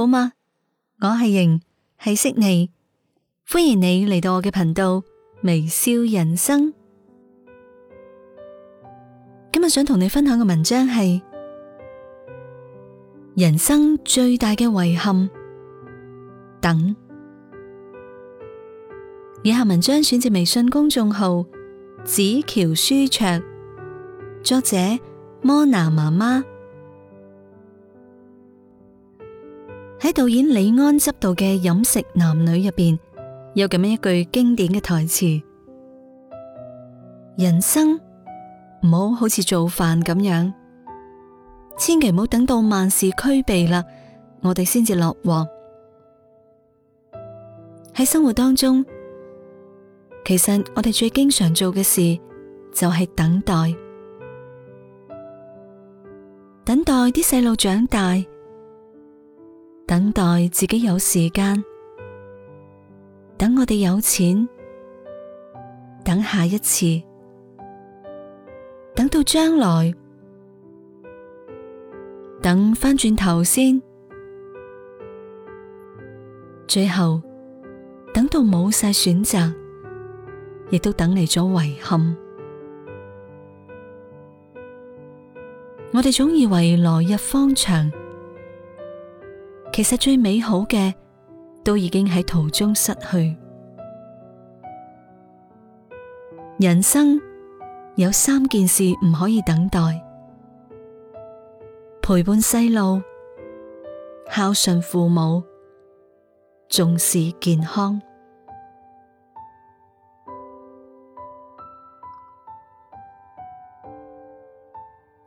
好嗎？我是瑩，係悉尼，歡迎你嚟到我嘅頻道，《微笑人生喺導演李安執導嘅飲食男女入面，有咁樣一句經典嘅台詞。人生唔好好似做飯咁樣，千祈唔好等到萬事俱備喇，我哋先至落鑊。喺生活當中，其實我哋最經常做嘅事，就係等待，等待啲細路長大。等待自己有時間，等我哋有錢，等下一次，等到將來，等返轉頭先，最後等到冇晒選擇，亦都等嚟咗遺憾。我哋總以為來日方長。其實最美好嘅都已經喺途中失去。人生有三件事唔可以等待：陪伴細路、孝順父母、重視健康。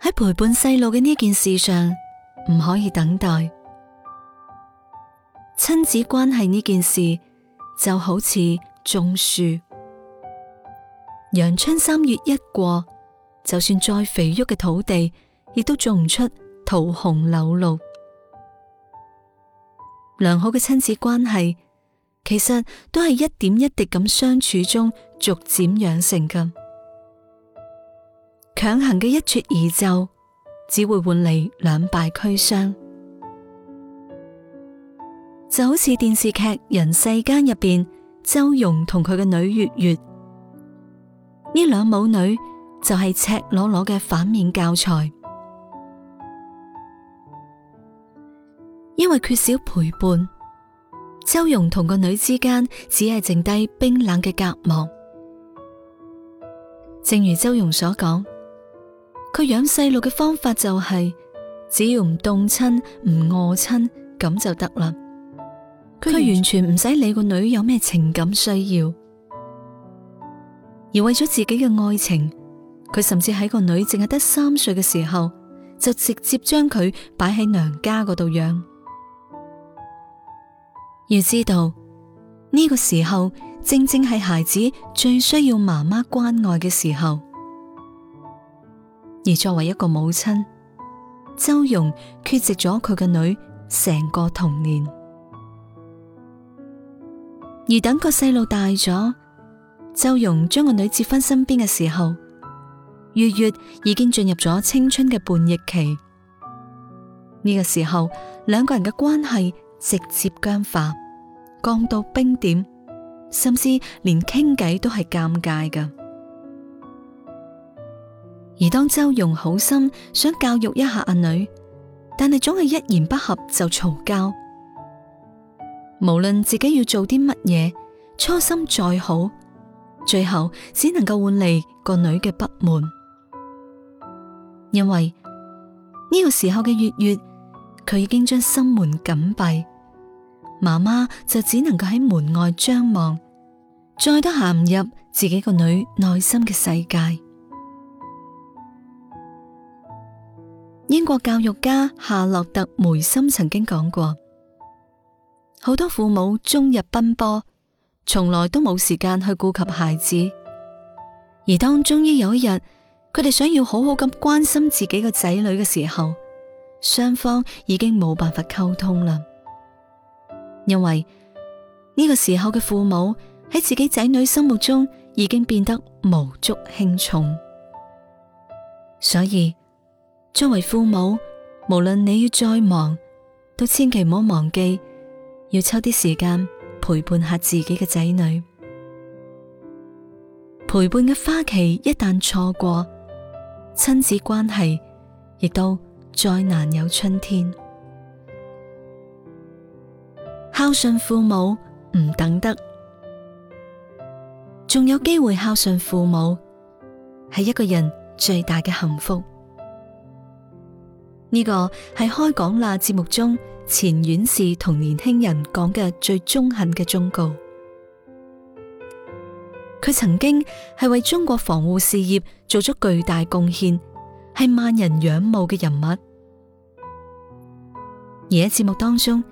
喺陪伴細路嘅呢件事上，唔可以等待。親子關係呢件事就好似種樹，陽春三月一過，就算再肥沃嘅土地，亦都種唔出桃紅柳綠。良好嘅親子關係，其實都係一點一滴咁相處中逐漸養成嘅。強行嘅一蹴而就，只會換嚟兩敗俱傷。就好似電視劇《人世間》入邊，周蓉同佢嘅女月月呢兩母女就係赤裸裸嘅反面教材，因為缺少陪伴，周蓉同個女之間只係剩低冰冷嘅隔膜。正如周蓉所講，佢養細路嘅方法就係只要唔凍親、唔餓親咁就得啦。佢完全唔使理個女有咩情感需要，而為咗自己嘅愛情，佢甚至喺個女淨係得三歲嘅時候，就直接將佢擺喺娘家嗰度養。要知道呢個時候正正係孩子最需要媽媽關愛嘅時候，而作為一個母親，周蓉缺席咗佢嘅女成個童年。而等個細路大咗，周蓉將個女接翻身邊嘅時候，月月已經進入咗青春嘅叛逆期。呢個時候，兩個人嘅關係直接僵化，降到冰點，甚至連傾偈都係尷尬噶。而當周蓉好心想教育一下阿女，但係總係一言不合就嘈交。無論自己要做啲乜嘢，初心再好，最後，只能夠換嚟個女嘅不滿。因為呢個時候嘅月月，佢已經將心門緊閉，媽媽就只能夠喺門外張望，再都行唔入自己個女內心嘅世界。英國教育家夏洛特梅森曾經講過。好多父母終日奔波，從來都冇時間去顧及孩子。而當終於有一日，佢哋想要好好咁關心自己嘅仔女嘅時候，雙方已經冇辦法溝通啦。因為呢個時候嘅父母喺自己仔女心目中已經變得無足輕重，所以作為父母，無論你要再忙，都千祈唔好忘記。要抽啲時間陪伴下自己嘅仔女，陪伴嘅花期一旦錯過，親子關係亦都再難有春天。孝順父母唔等得，仲有機會孝順父母，係一個人最大嘅幸福。呢個係開講啦節目中。錢院士同年輕人講嘅最中肯嘅忠告，佢曾經係為中國防護事業做出巨大貢獻，係萬人仰慕嘅人物。而喺節目當中，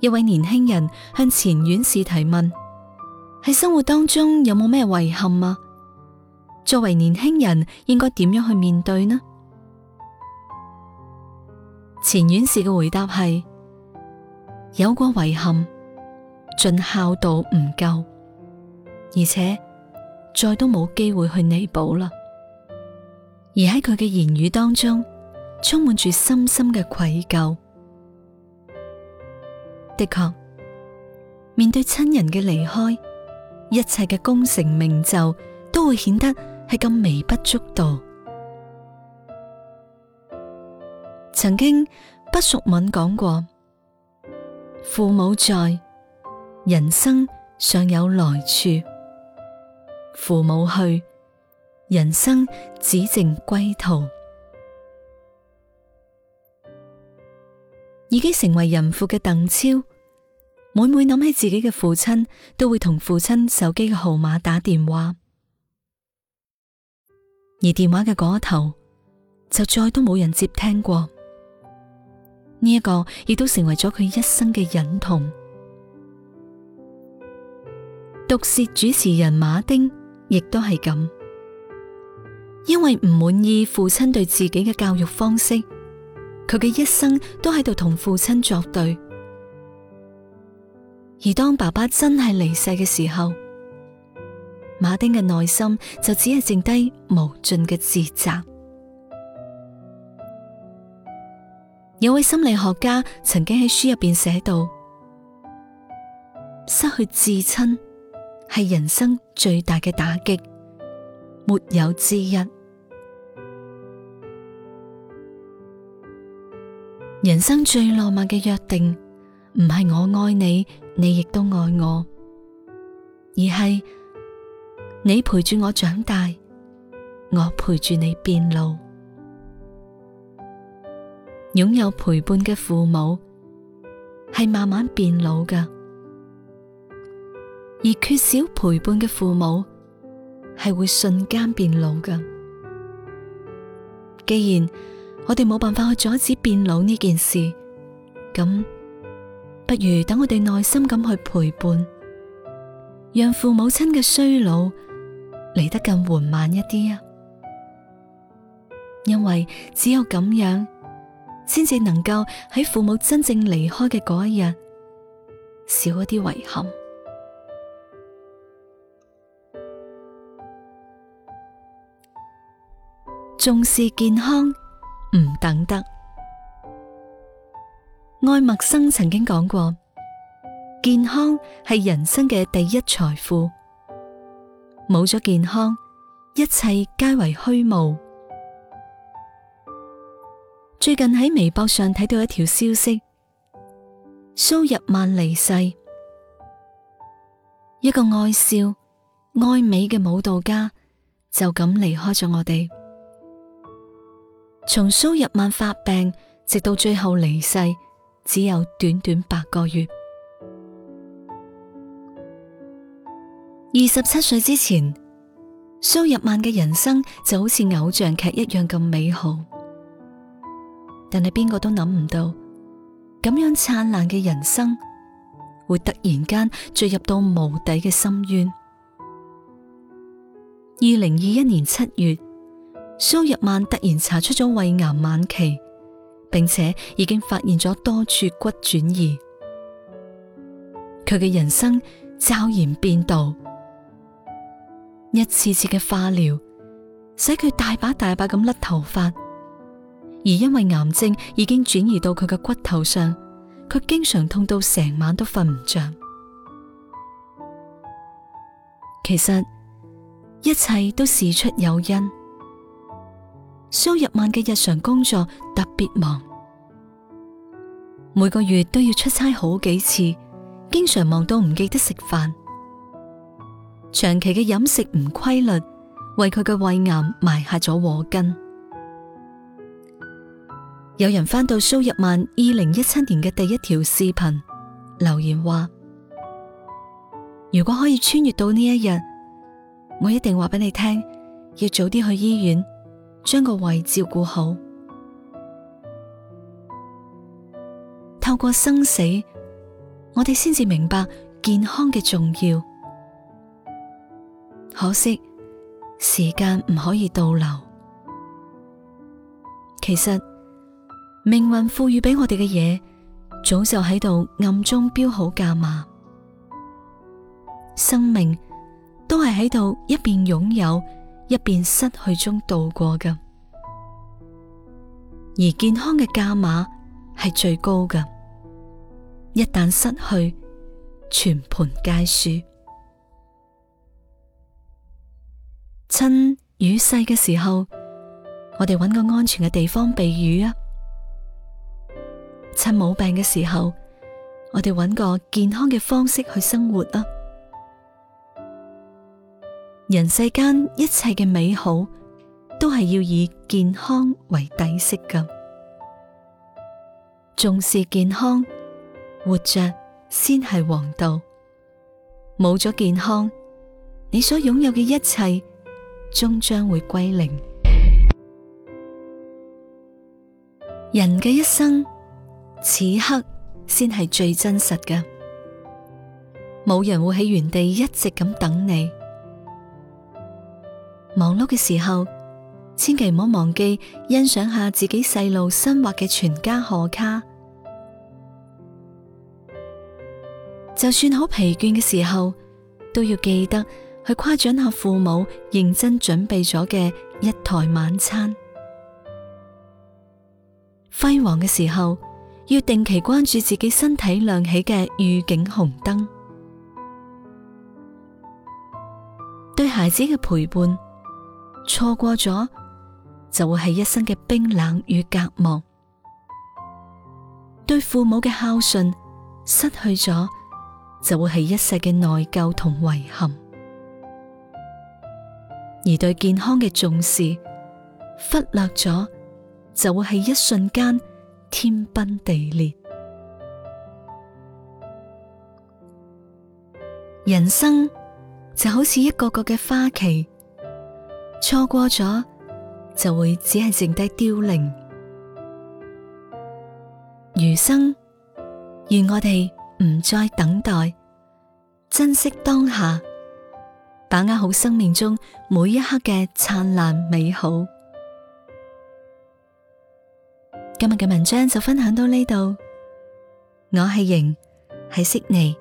一位年輕人向錢院士提問：喺生活當中有冇咩遺憾啊？作為年輕人應該點樣去面對呢？錢院士嘅回答係。有過遺憾,盡孝道唔夠,而且,再都冇機會去彌補啦。而喺佢嘅言語當中,充滿住深深嘅愧疚。的確,面對親人嘅離開,一切嘅功成名就都會顯得係咁微不足道。曾經,畢淑敏講過,父母在，人生尚有來處；父母去，人生只剩歸途。已經成為人父嘅鄧超，每每諗起自己嘅父親，都會同父親手機嘅號碼打電話，而電話嘅嗰頭就再都冇人接聽過。呢一個亦都成為咗佢一生嘅隱痛。毒舌主持人馬丁亦都係咁，因為唔滿意父親對自己嘅教育方式，佢嘅一生都喺度同父親作對。而當爸爸真係離世嘅時候，馬丁嘅內心就只係剩低無盡嘅自責。有位心理學家曾經喺書入邊寫到,失去至親係人生最大的打擊,沒有之一。人生最浪漫的約定,唔係我愛你,你亦都愛我,而係你陪住我長大,我陪住你變老。擁有陪伴嘅父母，係慢慢變老㗎。而缺少陪伴嘅父母，係會瞬間變老㗎。既然，我哋冇辦法去阻止變老呢件事，噉，不如等我哋耐心噉去陪伴，讓父母親嘅衰老，嚟得更緩慢一啲。因為，只有噉樣，先至能夠喺父母真正離開嘅嗰一日，少一啲遺憾。重視健康唔等得。愛默生曾經講過：健康係人生嘅第一財富。冇咗健康，一切皆為虛無。最近喺微博上睇到一條消息，蘇日曼離世，一個愛笑、愛美嘅舞蹈家就咁離開咗我哋。從蘇日曼發病直到最後離世，只有短短八個月。二十七歲之前，蘇日曼嘅人生就好似偶像劇一樣咁美好。但係邊個都諗唔到，咁樣燦爛嘅人生會突然間墜入到無底嘅深淵。二零二一年七月，蘇日曼突然查出咗胃癌晚期，並且已經發現咗多處骨轉移。佢嘅人生驟然變道，一次次嘅化療使佢大把大把咁甩頭髮。而因為癌症已經轉移到佢嘅骨頭上，佢經常痛到成晚都瞓唔着。其實一切都事出有因。蘇日曼嘅日常工作特別忙，每個月都要出差好幾次，經常忙到唔記得食飯。長期嘅飲食唔規律，為佢嘅胃癌埋下咗禍根。有人翻到蘇日曼二零一七年嘅第一條視頻留言話：如果可以穿越到呢一日，我一定話俾你聽，要早啲去醫院，將個胃照顧好。透過生死，我哋先至明白健康嘅重要。可惜時間唔可以倒流。其實。命運賦予俾我哋嘅嘢，早就喺度暗中標好價碼。生命都係喺度一邊擁有一邊失去中度過噶，而健康嘅價碼係最高噶，一旦失去，全盤皆輸。趁雨細嘅時候，我哋揾個安全嘅地方避雨啊！趁冇病嘅時候，我哋揾個健康嘅方式去生活啊，人世間一切嘅美好，都係要以健康為底色噶。重視健康，活着先係王道。冇咗健康，你所擁有嘅一切，終將會歸零。人嘅一生。此刻先係最真實嘅，冇人會喺原地一直咁等你。忙碌嘅時候，千祈唔好忘記欣賞下自己細路新畫嘅全家賀卡。就算好疲倦嘅時候，都要記得去誇獎下父母認真準備咗嘅一台晚餐。輝煌嘅時候。要定期關注自己身體亮起嘅預警紅燈。對孩子嘅陪伴錯過咗，就會係一生嘅冰冷與隔膜；對父母嘅孝順失去咗，就會係一世嘅內疚同遺憾；而對健康嘅重視忽略咗，就會係一瞬間。天崩地裂，人生就好似一個個嘅花期，錯過咗，就會只係剩低凋零。餘生，願我哋唔再等待，珍惜當下，把握好生命中每一刻嘅燦爛美好。今日嘅文章就分享到呢度，我係瑩，喺悉尼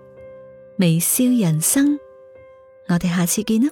微笑人生，我哋下次見啦。